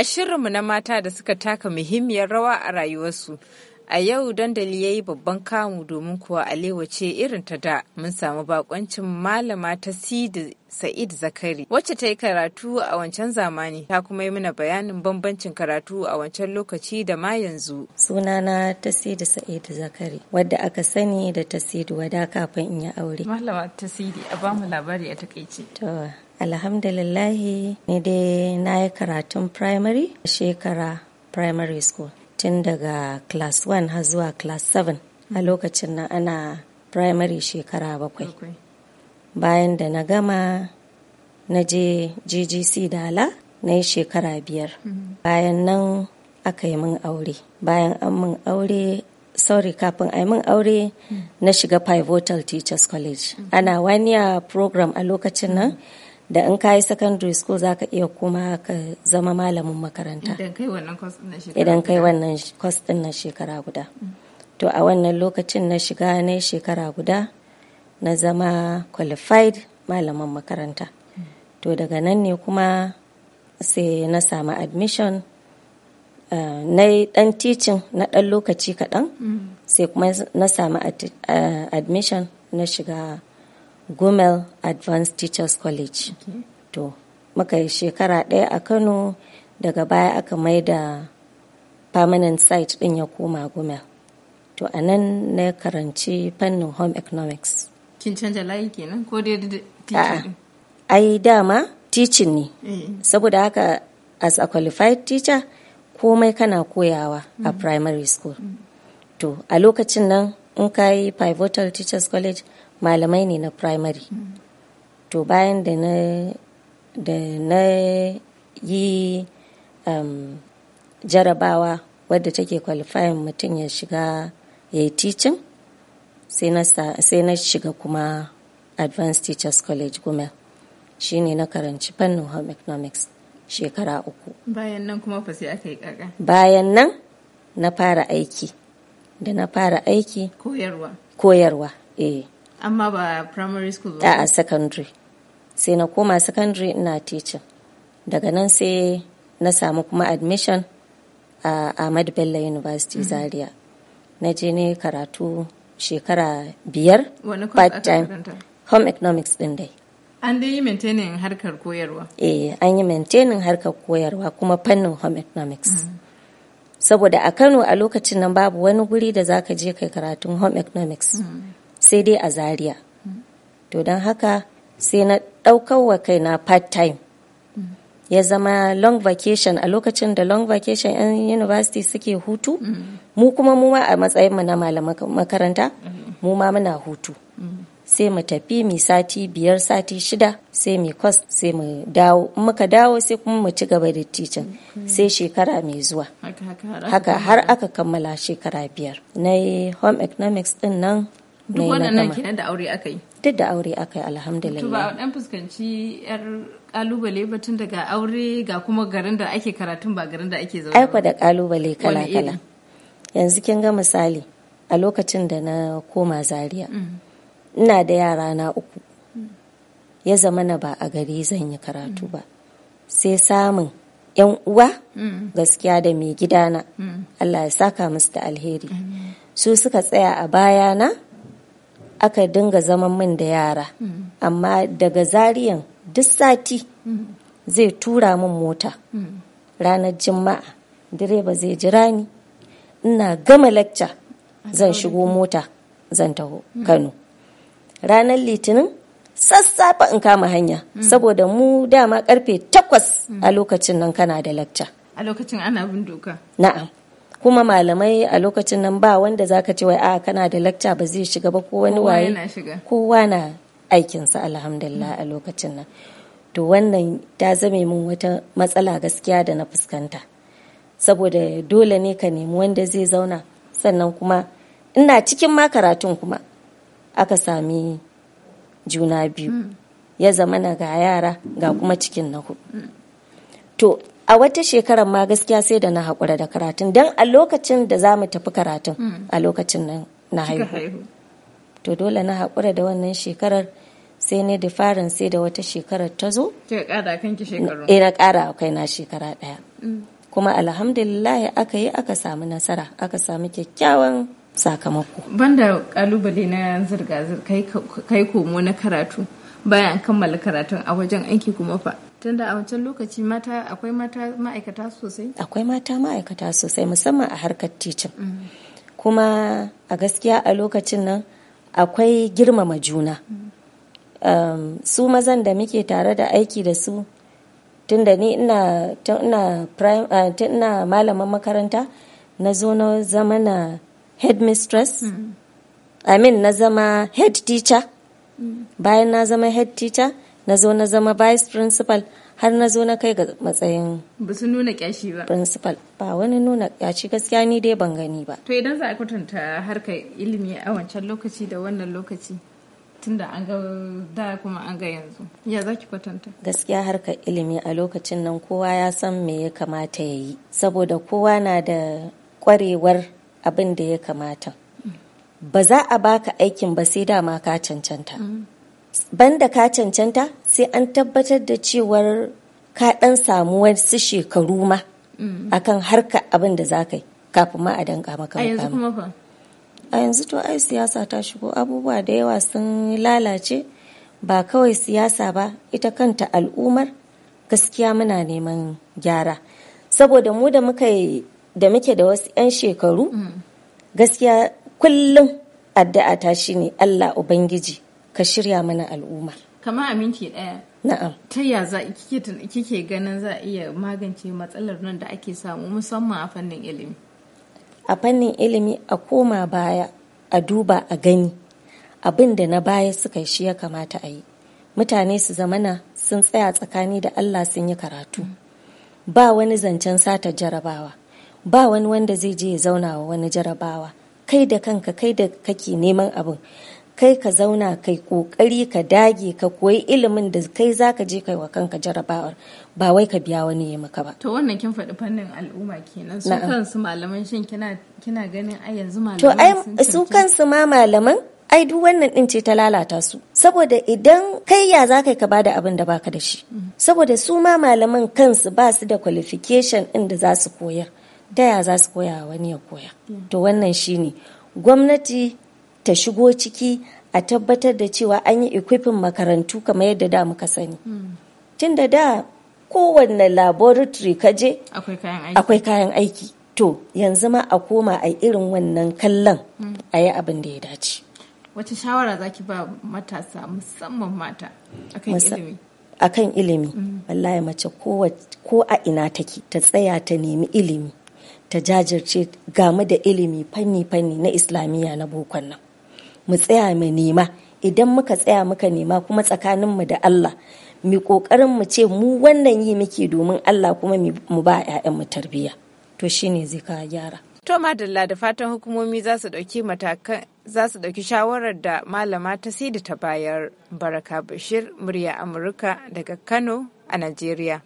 a shirinmu na mata da suka taka muhimmiyar rawa a rayuwarsu. A yau dandali ya yi babban kamu domin kuwa alewa ce irin ta da mun samu bakoncin malama ta Sidi Sa'id Zakari wacce ta yi karatu a wancan zamani ta kuma yi mana bayanin bambancin karatu a wancan lokaci da ma yanzu. Sunana ta Sidi Sa'id Zakari wadda aka sani da ta Sidi wada kafin in yi aure. Malama ta Sidi a bamu labari a takaice. alhamdulillahi ni dai na yi karatun primary shekara primary school tun daga class 1 har zuwa class 7 a lokacin na ana primary shekara bakwai bayan da na gama na je ggc dala na yi shekara biyar mm-hmm. bayan nan aka yi min aure bayan an min aure sorry kafin a yi min aure mm. na shiga pivotal teachers college mm-hmm. ana wani program a lokacin nan mm-hmm. da in ka yi secondary school za ka iya kuma ka zama malamin makaranta idan kai wannan course din na shekara guda to a wannan lokacin na shiga na shekara guda na zama qualified malamin makaranta to daga nan ne kuma sai na samu admission Uh, na yi dan teaching na dan lokaci kaɗan mm. sai kuma na samu uh, admission na shiga Gumel Advanced Teachers College. To, muka yi shekara ɗaya a Kano daga baya aka mai da permanent site ɗin ya koma Gumel. To, a nan na karanci fannin home economics. Kin canja layi kenan ko dai teaching? Ai dama teaching ne. Eh. Saboda haka as a qualified teacher komai kana koyawa a mm. primary school. Mm. To, a lokacin nan in ka yi pivotal teachers college malamai ne na primary to bayan da na da na yi um, jarabawa wadda take kwalifayin mutum ya shiga ya yi teaching sai na shiga kuma advanced teachers college shi ne na karanci fannin home economics shekara uku bayan nan kuma fa sai aka yi kaka bayan nan na fara aiki da na fara aiki koyarwa koyarwa eh amma ba primary school ba a secondary sai na koma secondary ina teaching daga nan sai na samu kuma admission a ahmad bello university mm-hmm. zaria na je ne karatu shekara biyar part time home economics din dai an dai yi maintaining harkar koyarwa eh an yi maintaining harkar koyarwa kuma fannin home economics mm-hmm. saboda a kano a lokacin nan babu wani guri da zaka je kai karatun home economics mm-hmm. sai dai a Zariya. to don haka sai na kai kaina part-time ya zama long vacation a lokacin da long vacation 'yan university suke hutu mu kuma mu ma a matsayinmu na malaman makaranta mu ma muna hutu sai mu tafi mi sati biyar sati shida sai mu kwas sai mu dawo muka dawo sai kuma mu ci gaba da ticin sai shekara mai zuwa haka har aka kammala shekara biyar na yi home economics din nan duk waɗannan kenan da aure aka yi duk da aure aka yi alhamdulillah to a dan fuskanci yar kalubale batun daga aure ga kuma garin da ake karatun ba garin da ake zaune aiko da kalubale kala kala yanzu kin ga misali a lokacin da na koma zaria mm. ina da yara na uku ya zama na ba a gari zan yi karatu mm. ba sai samun yan uwa mm. gaskiya da mai gidana Allah ya saka musu da alheri su suka tsaya a bayana aka dinga zaman min da yara mm-hmm. amma daga zariyan duk sati mm-hmm. zai tura min mota mm-hmm. ranar jima'a direba zai jira ni ina gama lacca zan shigo mota zan taho kano ranar litinin sassafe in kama hanya saboda mu dama karfe takwas a lokacin nan kana da lacca a lokacin ana bin doka na'am kuma malamai a lokacin nan ba wanda za ka ce wai a ah, kana da lakca ba zai shiga ba ko wani waye kowa na aikinsa alhamdulillah a lokacin nan to wannan ta zame min wata matsala gaskiya da na fuskanta saboda dole ne ka nemi wanda zai zauna sannan kuma ina cikin ma karatun kuma aka sami juna biyu mm. ya zama na ga yara ga kuma cikin na hudu to a wata shekarar ma gaskiya sai da na haƙura da karatun don a lokacin da za mu tafi karatun hmm. a lokacin nan na haihu to dole na haƙura da wannan shekarar sai ne da farin sai da wata shekarar ta zo e na ƙara akwai na shekara ɗaya hmm. kuma alhamdulillah aka yi aka samu nasara aka samu kyakkyawan sakamako banda kalubale na zirga-zirga kai komo na karatu bayan kammala karatun a wajen aiki kuma fa tunda a wancan lokaci mata akwai mata ma'aikata sosai akwai mata ma'aikata sosai musamman a harkar titin mm. kuma a gaskiya a lokacin nan akwai girmama juna um, su mazan da muke tare da aiki da su tunda ni ina eh, malaman makaranta na zo na zama na headmistress mm. amin na zama head teacher mm. bayan na zama head teacher na zo na zama vice principal har na zo na kai ga matsayin ba su nuna kyashi ba principal ba wani nuna kyashi gaskiya ni dai ban gani ba to idan za a kwatanta harkar ilimi a wancan lokaci da wannan lokaci tunda an ga da kuma an ga yanzu ya za ki kwatanta gaskiya harkar ilimi a lokacin nan kowa ya san me ya kamata ya yi saboda kowa na da kwarewar abin da ya kamata mm. ba za a baka aikin ba sai dama ka cancanta mm. banda ka cancanta sai an tabbatar da cewar ka dan samu wasu shekaru ma mm. akan harka abin da za ka yi kafin ma a danka maka a yanzu to ai siyasa ta shigo abubuwa da yawa sun lalace ba kawai siyasa ba ita kanta al'ummar gaskiya muna neman gyara saboda mu da muka da muke da wasu 'yan shekaru mm. gaskiya kullum addu'a ta shine Allah Ubangiji ka shirya mana al'umma kamar a minti ɗaya na'am ta ya za kike ganin za a iya magance matsalar nan da ake samu musamman a fannin ilimi a fannin ilimi a koma baya a duba a gani abin da na baya suka shi ya kamata a yi mutane su zamana sun tsaya tsakani da allah sun yi karatu ba wani zancen sata jarabawa ba wani wanda zai je ya zauna wa wani jarabawa kai da kanka kai da kake neman abin kai ka zauna kai kokari ka dage ka koyi ilimin da kai zaka je kai wa kanka jarabawar ba wai ka biya wani ya maka ba to wannan kin faɗi fannin al'umma kenan su kansu malaman shin kina kina ganin ai yanzu malaman to ai su kansu ma malaman ai duk wannan din ce ta lalata su saboda idan kai ya za ka bada abin da baka da shi mm. saboda su ma malaman kansu ba su da qualification din da za su koyar da ya za su koya wani ya koya to wannan shine gwamnati ta shigo ciki a tabbatar da cewa an yi equipin makarantu kamar yadda da muka sani hmm. tun da da kowanne laboratory je akwai kayan aiki to yanzu ma a koma a irin wannan kallon hmm. a yi abin da ya dace wace shawara zaki ba matasa musamman mata akan ilimi akan ilimi hmm. mace ko a ina take ta tsaya ta nemi ilimi ta jajirce game da ilimi fanni-fanni na islamiyya na bokon nan mu tsaya mu nema idan muka tsaya muka nema kuma tsakaninmu da Allah mu kokarin mu ce mu wannan yi muke domin Allah kuma mu ba mu tarbiyya to shine zai kawo gyara to madalla da fatan hukumomi za su dauki matakan za su dauki shawarar da malama ta sidi ta bayar baraka bashir murya amurka daga kano a najeriya